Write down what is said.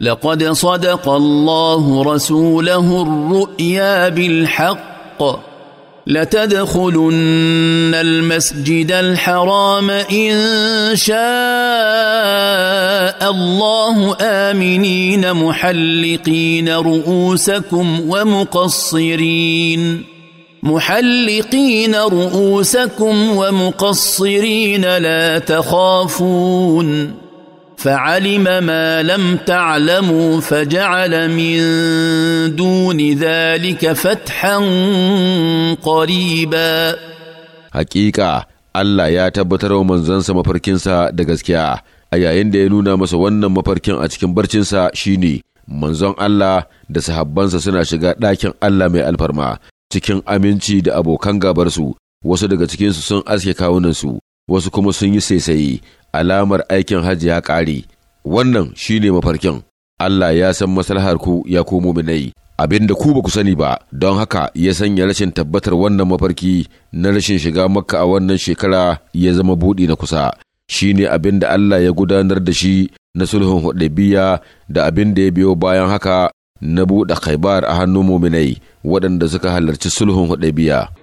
لقد صدق الله رسوله الرؤيا بالحق لتدخلن المسجد الحرام ان شاء الله امنين محلقين رؤوسكم ومقصرين محلقين رؤوسكم ومقصرين لا تخافون فعلم ما لم تعلموا فجعل من دون ذلك فتحا قريبا حقيقة Allah ya tabbatar wa manzonsa mafarkinsa da gaskiya a yayin da ya nuna masa wannan mafarkin a cikin barcinsa shine manzon Allah da sahabbansa suna shiga ɗakin Allah mai alfarma cikin aminci da abokan gabarsu wasu daga cikinsu sun aske kawunansu wasu kuma sun yi saisaye alamar aikin hajji ya ƙare wannan shine mafarkin Allah ya san maslahar ku ya komo muminai abin da ku ba ku sani ba don haka ya sanya rashin tabbatar wannan mafarki na rashin shiga makka a wannan shekara ya zama buɗi na kusa shine abin da Allah ya gudanar da shi na sulhun hudabiya da abin da ya biyo bayan haka na buɗe khaibar a hannun muminai waɗanda suka halarci sulhun hudaybiya